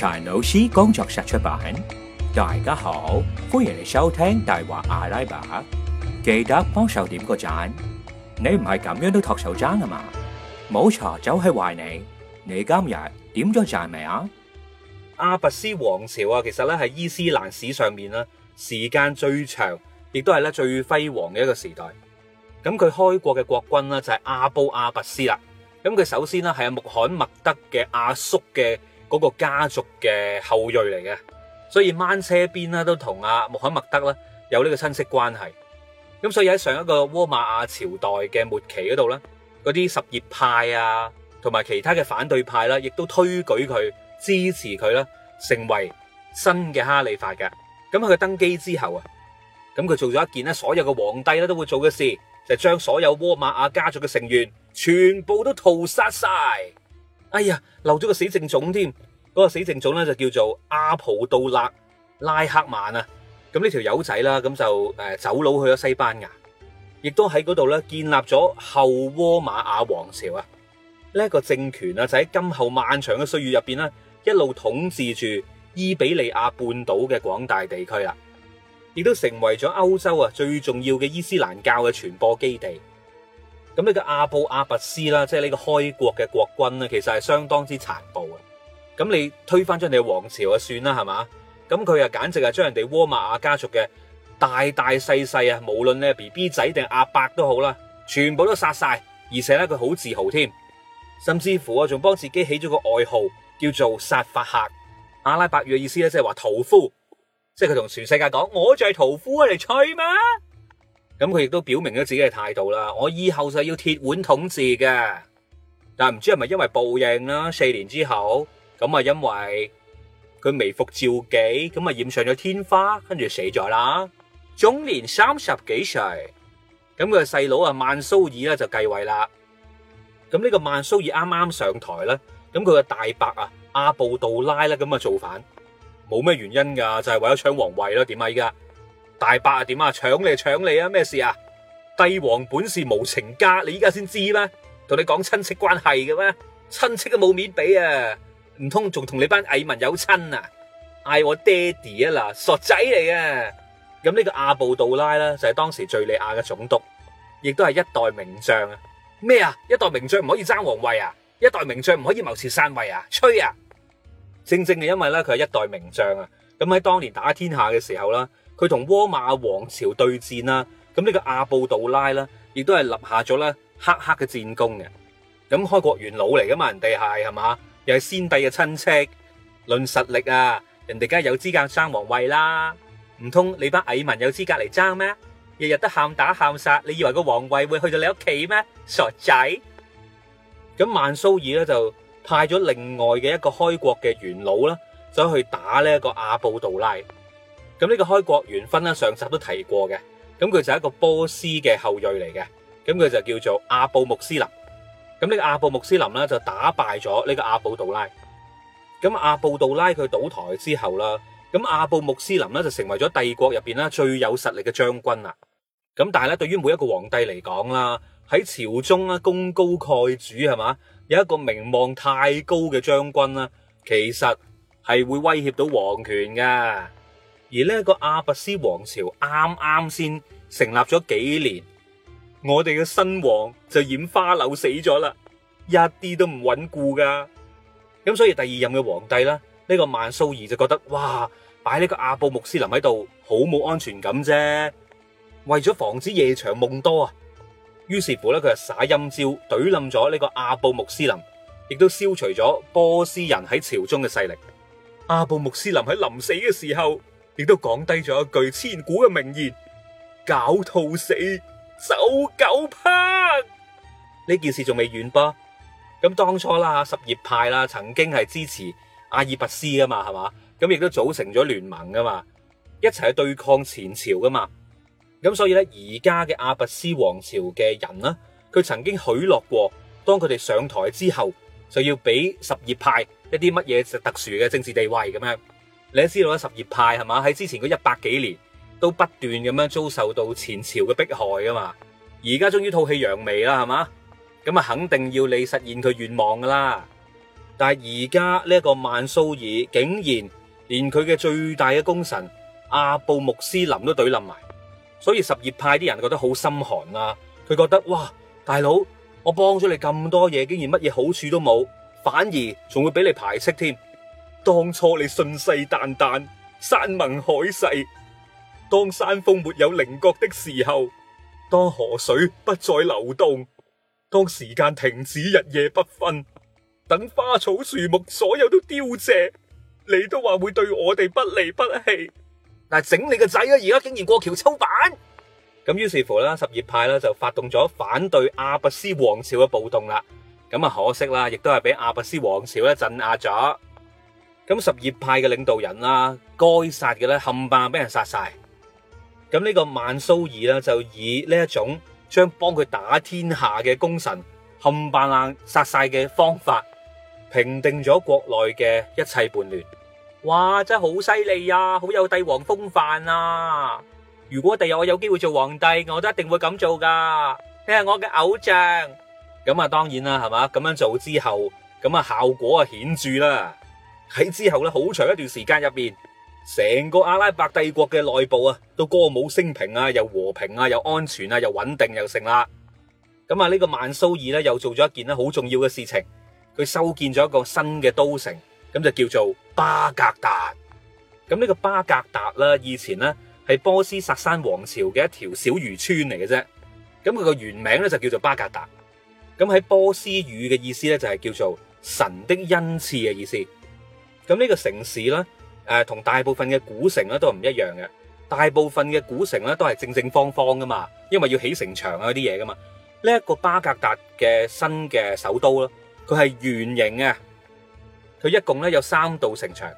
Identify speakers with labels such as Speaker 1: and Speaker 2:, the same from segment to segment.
Speaker 1: 柴老師，工作室出版，大家好，歡迎嚟收聽《大話阿拉伯》。記得幫手點個讚，你唔係咁樣都托手踭啊嘛？冇錯，就係壞你。你今日點咗讚未啊？阿拔斯王朝啊，其實咧係伊斯蘭史上面咧時間最長，亦都係咧最輝煌嘅一個時代。咁佢開國嘅國君呢，就係阿布阿拔斯啦。咁佢首先呢，係阿穆罕默德嘅阿叔嘅。嗰、那個家族嘅後裔嚟嘅，所以掹車邊啦都同阿穆罕默德啦有呢個親戚關係，咁所以喺上一個倭馬亞朝代嘅末期嗰度咧，嗰啲什葉派啊，同埋其他嘅反對派啦，亦都推舉佢支持佢啦，成為新嘅哈利法嘅。咁佢登基之後啊，咁佢做咗一件咧，所有嘅皇帝咧都會做嘅事，就係將所有倭馬亞家族嘅成員全部都屠殺晒。哎呀，漏咗個死剩種添，嗰、那個死剩種咧就叫做阿普杜勒拉,拉克曼啊！咁呢條友仔啦，咁就誒走佬去咗西班牙，亦都喺嗰度咧建立咗後倭馬亞王朝啊！呢、這、一個政權啊，就喺今後漫長嘅歲月入邊呢，一路統治住伊比利亞半島嘅廣大地區啦，亦都成為咗歐洲啊最重要嘅伊斯蘭教嘅傳播基地。咁呢個阿布阿拔斯啦，即係呢個開國嘅國君咧，其實係相當之殘暴嘅。咁你推翻咗你嘅王朝啊，算啦，係嘛？咁佢啊，簡直係將人哋倭馬亞家族嘅大大細細啊，無論咧 B B 仔定阿伯都好啦，全部都殺晒。而且咧，佢好自豪添，甚至乎啊，仲幫自己起咗個外號，叫做殺法客。阿拉伯語嘅意思咧，即係話屠夫，即係佢同全世界講，我就係屠夫嚟，你吹嘛。咁佢亦都表明咗自己嘅態度啦，我以後就要鐵腕統治嘅。但係唔知係咪因為報應啦？四年之後，咁啊因為佢微服召妓，咁啊染上咗天花，跟住死咗啦，終年三十幾歲。咁佢嘅細佬啊，曼蘇爾咧就繼位啦。咁呢個曼蘇爾啱啱上台啦，咁佢嘅大伯啊，阿布杜拉咧咁啊造反，冇咩原因噶，就係為咗搶皇位咯，點啊依家？大伯啊，點啊，搶你搶你啊，咩事啊？帝王本是無情家，你依家先知咩？同你講親戚關係嘅咩？親戚都冇面俾啊，唔通仲同你班蟻民有親啊？嗌我爹哋啊嗱，傻仔嚟啊！咁、這、呢個阿布杜拉呢，就係當時敘利亞嘅總督，亦都係一代名將啊！咩啊？一代名將唔可以爭皇位啊？一代名將唔可以謀朝篡位啊？吹啊！正正係因為咧，佢係一代名將啊！咁喺當年打天下嘅時候啦。佢同沃馬王朝對戰啦，咁呢個阿布杜拉啦，亦都係立下咗咧黑黑嘅戰功嘅。咁開國元老嚟噶嘛，人哋係係嘛，又係先帝嘅親戚，論實力啊，人哋梗係有資格爭皇位啦。唔通你班蟻民有資格嚟爭咩？日日都喊打喊殺，你以爲個皇位會去到你屋企咩？傻仔！咁曼蘇爾咧就派咗另外嘅一個開國嘅元老啦，走去打呢一個阿布杜拉。咁、這、呢個開國元勳咧，上集都提過嘅。咁佢就係一個波斯嘅後裔嚟嘅。咁佢就叫做阿布穆斯林。咁、這、呢個阿布穆斯林咧就打敗咗呢個阿布杜拉。咁阿布杜拉佢倒台之後啦，咁阿布穆斯林咧就成為咗帝國入邊啦最有實力嘅將軍啦。咁但係咧，對於每一個皇帝嚟講啦，喺朝中啊功高蓋主係嘛，有一個名望太高嘅將軍啦，其實係會威脅到皇權噶。而呢個阿拔斯王朝啱啱先成立咗幾年，我哋嘅新王就染花柳死咗啦，一啲都唔穩固噶。咁所以第二任嘅皇帝啦，呢個曼蘇爾就覺得哇，擺呢個阿布穆斯林喺度好冇安全感啫。為咗防止夜長夢多啊，於是乎咧，佢就耍陰招，懟冧咗呢個阿布穆斯林，亦都消除咗波斯人喺朝中嘅勢力。阿布穆斯林喺臨死嘅時候。亦都講低咗一句千古嘅名言：狡兔死，走狗烹。呢件事仲未完噃。咁當初啦，什葉派啦，曾經係支持阿拔斯㗎嘛，係嘛？咁亦都組成咗聯盟噶嘛，一齊去對抗前朝噶嘛。咁所以咧，而家嘅阿拔斯王朝嘅人啦，佢曾經許諾過，當佢哋上台之後，就要俾什葉派一啲乜嘢就特殊嘅政治地位咁樣。你都知道啦，什葉派係嘛喺之前嗰一百幾年都不斷咁樣遭受到前朝嘅迫害噶嘛，而家終於吐氣揚眉啦，係嘛咁啊，肯定要你實現佢願望噶啦。但係而家呢一個曼蘇爾竟然連佢嘅最大嘅功臣阿布穆斯林都懟冧埋，所以什葉派啲人覺得好心寒啊！佢覺得哇，大佬我幫咗你咁多嘢，竟然乜嘢好處都冇，反而仲會俾你排斥添。當初你信誓旦旦，山盟海誓。當山峰沒有稜角的時候，當河水不再流動，當時間停止，日夜不分，等花草樹木所有都凋謝，你都話會對我哋不離不棄。但整你個仔啊，而家竟然過橋抽板。咁於是乎啦，什葉派啦就發動咗反對阿拔斯王朝嘅暴動啦。咁啊，可惜啦，亦都係俾阿拔斯王朝咧鎮壓咗。咁什葉派嘅領導人啦，該殺嘅咧冚唪唥俾人殺晒。咁、這、呢個曼蘇爾啦，就以呢一種將幫佢打天下嘅功臣冚唪唥殺晒嘅方法，平定咗國內嘅一切叛亂。哇，真係好犀利啊，好有帝王風範啊！如果第日我有機會做皇帝，我都一定會咁做噶。你係我嘅偶像。咁啊，當然啦，係嘛？咁樣做之後，咁啊效果啊顯著啦。喺之後咧，好長一段時間入面，成個阿拉伯帝國嘅內部啊，都歌舞升平啊，又和平啊，又安全啊，又穩定又成啦。咁啊，呢個曼蘇爾咧又做咗一件咧好重要嘅事情，佢修建咗一個新嘅都城，咁就叫做巴格達。咁、這、呢個巴格達啦，以前呢係波斯薩珊王朝嘅一條小漁村嚟嘅啫。咁佢個原名咧就叫做巴格達。咁喺波斯語嘅意思咧就係叫做神的恩賜嘅意思。咁呢個城市咧，誒同大部分嘅古城咧都係唔一樣嘅。大部分嘅古城咧都係正正方方噶嘛，因為要起城牆啊嗰啲嘢噶嘛。呢一個巴格達嘅新嘅首都啦，佢係圓形啊，佢一共咧有三道城牆。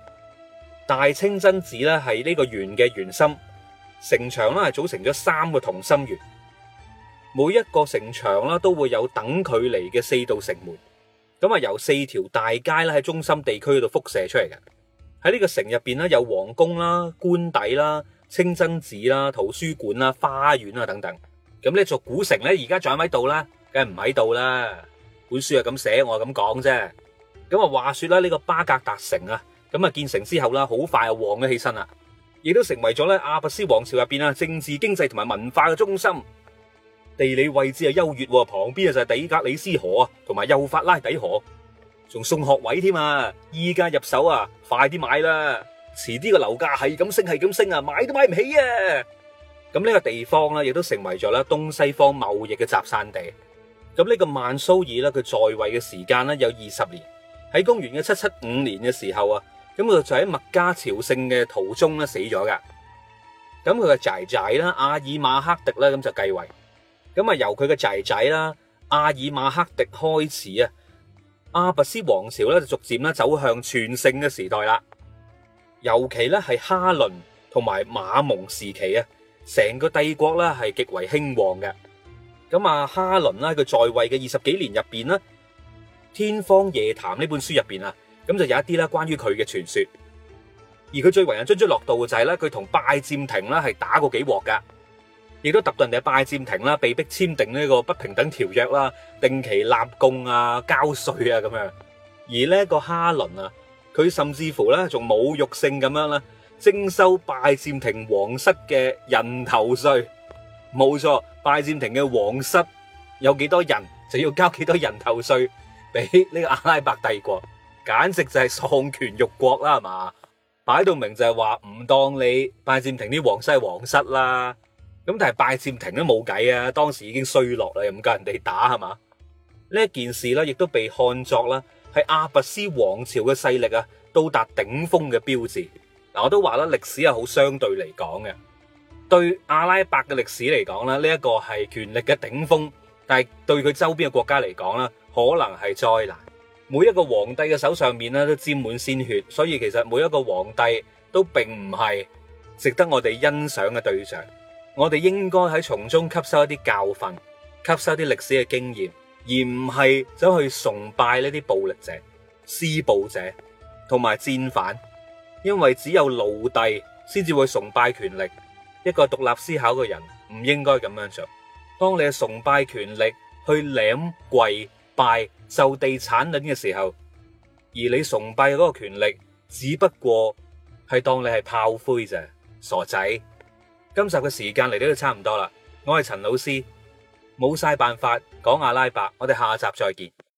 Speaker 1: 大清真寺咧係呢個圓嘅圓心，城牆咧係組成咗三個同心圓，每一個城牆咧都會有等距離嘅四道城門。咁啊，由四條大街咧喺中心地區度輻射出嚟嘅。喺呢個城入邊咧，有皇宮啦、官邸啦、清真寺啦、圖書館啦、花園啊等等。咁呢座古城咧，而家仲喺咪度啦？梗係唔喺度啦。本書係咁寫，我係咁講啫。咁啊，話說啦，呢個巴格達城啊，咁啊建成之後啦，好快就旺咗起身啦，亦都成為咗咧阿拔斯王朝入邊啊政治、經濟同埋文化嘅中心。地理位置啊優越，旁邊啊就係底格里斯河啊，同埋幼發拉底河，仲送學位添啊！依家入手啊，快啲買啦，遲啲個樓價係咁升，係咁升啊，買都買唔起啊！咁呢個地方咧，亦都成為咗啦東西方貿易嘅集散地。咁呢個曼蘇爾咧，佢在位嘅時間咧有二十年，喺公元嘅七七五年嘅時候啊，咁佢就喺麥加朝聖嘅途中咧死咗㗎。咁佢嘅仔仔啦，阿爾馬克迪咧，咁就繼位。咁啊，由佢嘅仔仔啦，阿爾馬克迪開始啊，阿拔斯皇朝咧就逐漸咧走向全盛嘅時代啦。尤其咧係哈倫同埋馬蒙時期啊，成個帝國咧係極為興旺嘅。咁啊，哈倫啦，佢在位嘅二十幾年入邊啦，《天方夜譚》呢本書入邊啊，咁就有一啲啦關於佢嘅傳說。而佢最為人津津樂道嘅就係咧，佢同拜占庭啦係打過幾鑊噶。亦都揼到人哋拜占庭啦，被逼簽訂呢個不平等條約啦，定期納貢啊、交稅啊咁樣。而呢個哈倫啊，佢甚至乎咧，仲侮辱性咁樣啦，徵收拜占庭皇室嘅人頭稅。冇錯，拜占庭嘅皇室有幾多人，就要交幾多人頭稅俾呢個阿拉伯帝國，簡直就係喪權辱國啦，係嘛？擺到明就係話唔當你拜占庭啲皇室係皇室啦。咁但係拜占庭都冇計啊，當時已經衰落啦，又唔夠人哋打係嘛？呢一件事咧，亦都被看作啦係阿拔斯王朝嘅勢力啊到達頂峰嘅標誌。嗱，我都話啦，歷史係好相對嚟講嘅，對阿拉伯嘅歷史嚟講咧，呢一個係權力嘅頂峰，但係對佢周邊嘅國家嚟講咧，可能係災難。每一個皇帝嘅手上面咧都沾滿鮮血，所以其實每一個皇帝都並唔係值得我哋欣賞嘅對象。我哋應該喺從中吸收一啲教訓，吸收啲歷史嘅經驗，而唔係走去崇拜呢啲暴力者、施暴者同埋戰犯。因為只有奴隸先至會崇拜權力，一個獨立思考嘅人唔應該咁樣做。當你係崇拜權力去舐跪拜就地產卵嘅時候，而你崇拜嗰個權力，只不過係當你係炮灰啫，傻仔。今集嘅時間嚟到都差唔多啦，我係陳老師，冇晒辦法講阿拉伯，我哋下集再見。